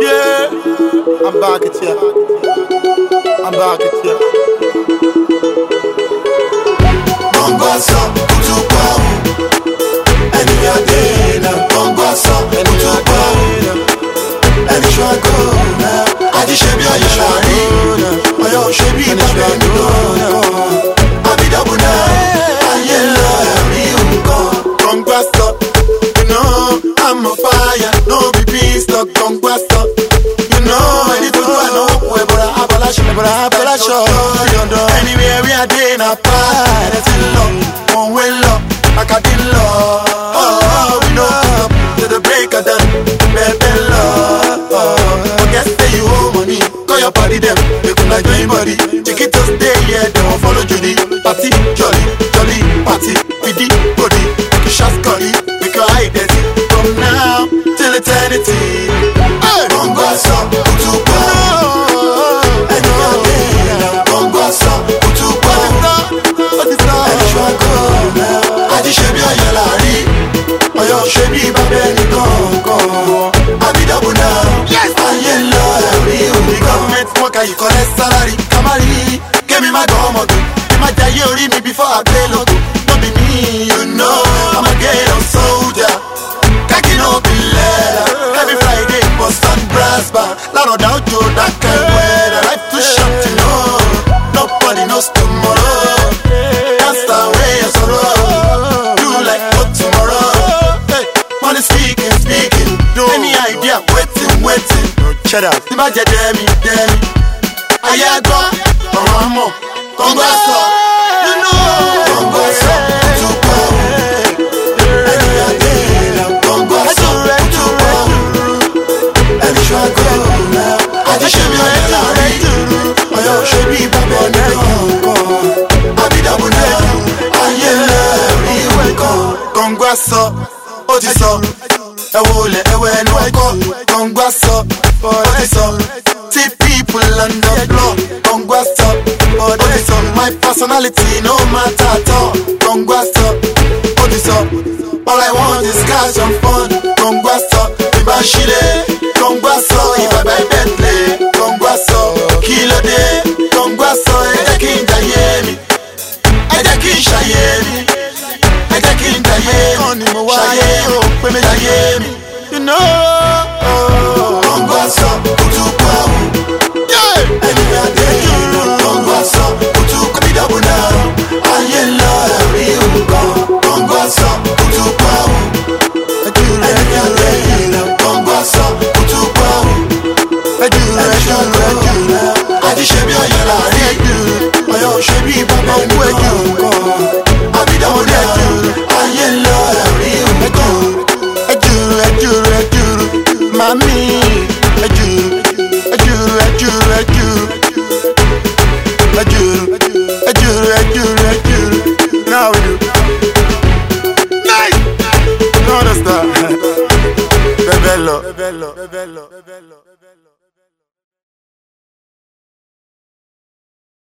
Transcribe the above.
Yeah, I'm back at ya. I'm back at ya. in a party. Love, one way love, I got the love. Oh, we know up to the break of dawn. Baby love, oh, forget that you owe money. Call your party them, they come like anybody. Take it just stay, yeah, don't follow Judy. you know The government worker, you collect salary Kamari, give me my gomoto oh, Be my diary me before I pay logo Don't be me, you know I'm a ghetto soldier Kaki no be Every Friday, Boston brass bar Lano down to that kind Life too short, you know Nobody knows tomorrow sorrow like tomorrow Money speaking, speaking Any idea, waiting, waiting shut up. Tí bá jẹ dẹ́mi dẹ́mi, ayé àgbọ̀, ọ̀rọ̀ àmọ̀, kọ́ńgọ́ sọ, nínú kọ́ńgọ́ sọ, túbọ̀ ẹni àdé ìlà kọ́ńgọ́ sọ, túbọ̀ ẹni ṣọ́ àgọ́ ìlà, àdéṣẹ́mi ọ̀yẹ́ láàrin, ọ̀yọ́ òṣèlú ìbámu ọ̀nà kọ̀ọ̀kan, àbídàbọ̀ náà, ayé lẹ́rìí ìwé kan, kọ́ńgọ́ sọ, ó ti sọ, ẹ̀wọ̀ olè ẹ̀wẹ̀ ẹnu ọkọ̀, kọ́ńgọ́ sọ. body up. Take people on the floor, Congo stop, body oh, up. My personality no matter at all, Congo stop, body oh, up. All I want is cash and fun, Congo stop. Ibashire, Congo stop. buy Bentley, Congo stop. Kílódé, Congo stop. Ẹ jẹ́ kí n jayé mi, ẹ jẹ́ kí n ṣayé mi, ẹ jẹ́ kí n jayé mi, ṣayé mi, ṣayé mi. You know. ẹjọ́ gbẹ̀dù àti ṣebí ọ̀yẹ́ láàrin ẹ̀dù ọ̀yọ́ ṣebí bàbá gbẹ̀dù kan àbídáwọ̀ dẹ̀dù ayé lọ ẹ̀rí òmùtọ̀ ẹ̀dù ẹ̀dù ẹ̀dù màmí ẹ̀dù ẹ̀dù ẹ̀dù ẹ̀dù ẹ̀dù ẹ̀dù ẹ̀dù ẹ̀dù náà wẹ̀ dùn. Bebello, bebello, bebello, bebello.